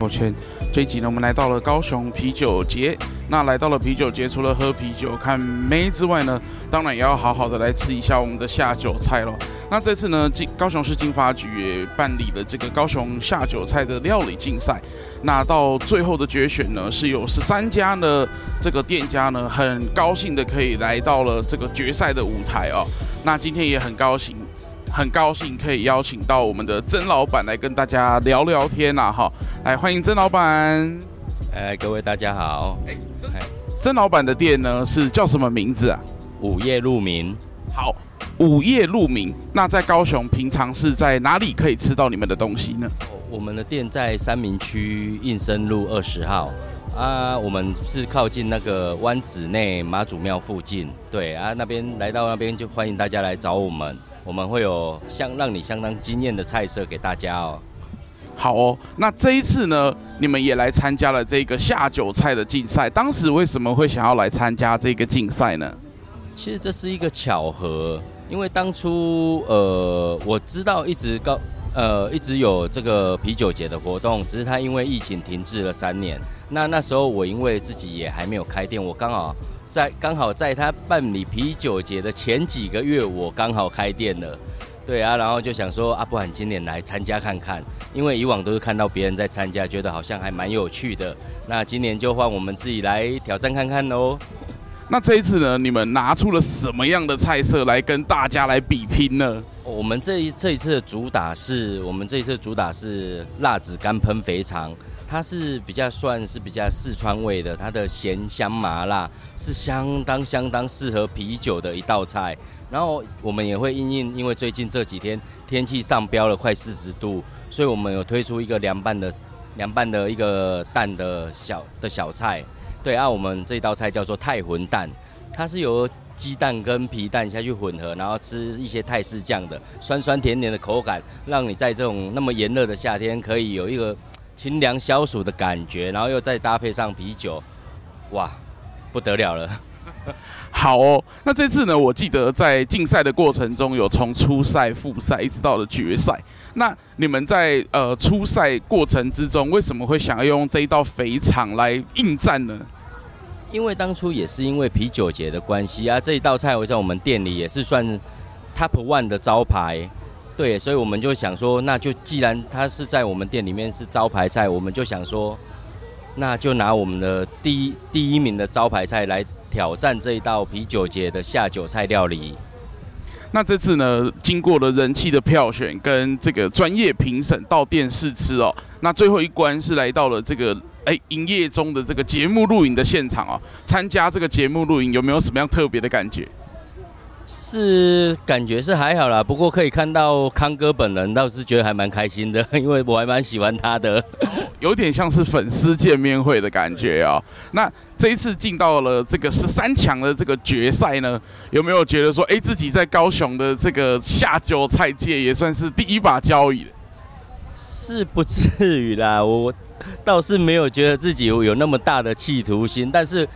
抱歉，這一集呢，我們來到了高雄啤酒節。那來到了啤酒節，除了喝啤酒、看妹之外呢，當然也要好好的來吃一下我們的下酒菜了。那這次呢，進高雄市經發局也辦理了這個高雄下酒菜的料理競賽。那到最後的決選呢，是有十三家呢這個店家呢，很高興的可以來到了這個決賽的舞台哦。那今天也很高興。很高興可以邀請到我們的曾老闆來跟大家聊聊天吶，哈，來歡迎曾老闆。哎，各位大家好。哎，曾。曾老闆的店呢是叫什麼名字啊？武夜鹿鳴。好，武夜鹿鳴。那在高雄平常是在哪裡可以吃到你們的東西呢？我，我們的店在三民區應生路二十號。啊，我們是靠近那個灣子內媽祖廟附近。對啊，那邊來到那邊就歡迎大家來找我們。我們會有相讓你相當驚艷的菜色給大家哦。好哦，那這一次呢，你們也來參加了這個下酒菜的競賽。當時為什麼會想要來參加這個競賽呢？其實這是一個巧合，因為當初呃，我知道一直高呃，一直有這個啤酒節的活動，只是它因為疫情停滯了三年。那那時候我因為自己也還沒有開店，我剛好。在剛好在他辦理啤酒節的前幾個月，我剛好開店了，對啊，然後就想說，啊不然今年來參加看看，因為以往都是看到別人在參加，覺得好像還蠻有趣的。那今年就換我們自己來挑戰看看嘍。那這一次呢，你們拿出了什麼樣的菜色來跟大家來比拼呢？我們這一這一次的主打是我們這一次的主打是辣子乾噴肥腸。它是比較算是比較四川味的，它的鹹香麻辣是相當相當適合啤酒的一道菜。然後我們也會因應，因為最近這幾天天氣上飆了快四十度，所以我們有推出一個涼拌的涼拌的一個蛋的小的小菜。對啊，我們這道菜叫做泰魂蛋，它是由雞蛋跟皮蛋下去混合，然後吃一些泰式醬的酸酸甜甜的口感，讓你在這種那麼炎熱的夏天可以有一個。清涼消暑的感覺，然後又再搭配上啤酒，哇，不得了了！ 好哦，那這次呢，我記得在競賽的過程中有，有從初賽、複賽一直到了決賽。那你們在呃初賽過程之中，為什麼會想要用這一道肥腸來應戰呢？因為當初也是因為啤酒節的關係啊，這一道菜我在我們店裡也是算 top one 的招牌。對，所以我們就想說，那就既然他是在我們店裡面是招牌菜，我們就想說，那就拿我們的第一第一名的招牌菜來挑戰這一道啤酒節的下酒菜料理。那這次呢，經過了人氣的票選跟這個專業評審到店試吃哦，那最後一關是來到了這個哎營業中的這個節目錄影的現場哦，參加這個節目錄影有沒有什麼樣特別的感覺？是感覺是還好啦，不過可以看到康哥本人倒是覺得還蠻開心的，因為我還蠻喜歡他的，有點像是粉絲見面會的感覺啊、哦。對那這一次進到了這個十三強的這個決賽呢，有沒有覺得說，哎、欸，自己在高雄的這個下酒菜界也算是第一把交椅？是不至於啦，我倒是沒有覺得自己有那麼大的企圖心，但是。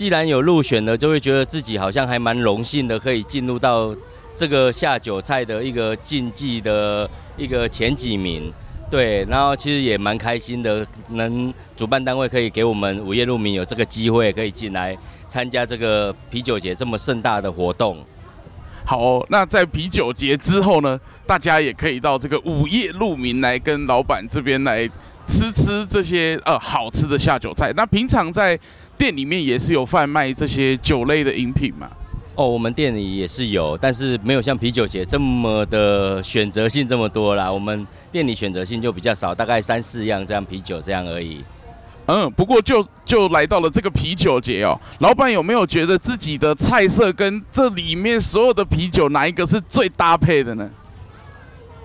既然有入選了，就會覺得自己好像還蠻榮幸的，可以進入到這個下酒菜的一個競技的一個前幾名，對，然後其實也蠻開心的，能主辦單位可以給我們武夜鹿鳴有這個機會，可以進來參加這個啤酒節這麼盛大的活動。好喔，那在啤酒節之後呢，大家也可以到這個武夜鹿鳴來跟老闆這邊來，吃吃這些呃好吃的下酒菜，那平常在店裡面也是有販賣這些酒類的飲品嗎？哦，我們店裡也是有，但是沒有像啤酒節這麼的選擇性這麼多啦。我們店裡選擇性就比較少，大概三四樣這樣啤酒這樣而已。嗯，不過就就來到了這個啤酒節哦，老闆有沒有覺得自己的菜色跟這裡面所有的啤酒哪一個是最搭配的呢？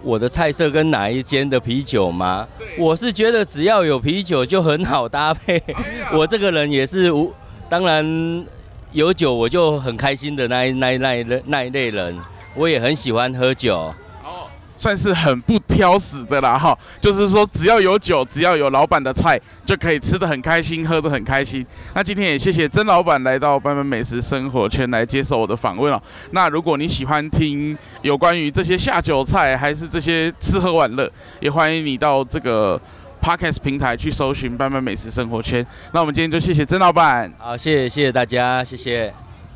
我的菜色跟哪一間的啤酒嗎？我是覺得只要有啤酒就很好搭配。 我這個人也是，我當然有酒我就很開心的那一、那、那一、那一類人，我也很喜歡喝酒。算是很不挑食的啦。哈，就是說只要有酒，只要有老板的菜，就可以吃得很開心，喝得很開心。那今天也謝謝曾老板來到班班美食生活圈來接受我的訪問了，哦。那如果你喜歡聽有關於這些下酒菜，還是這些吃喝玩樂，也歡迎你到這個 Podcast 平台去搜尋班班美食生活圈。那我們今天就謝謝曾老板，好，謝謝謝謝大家，謝謝。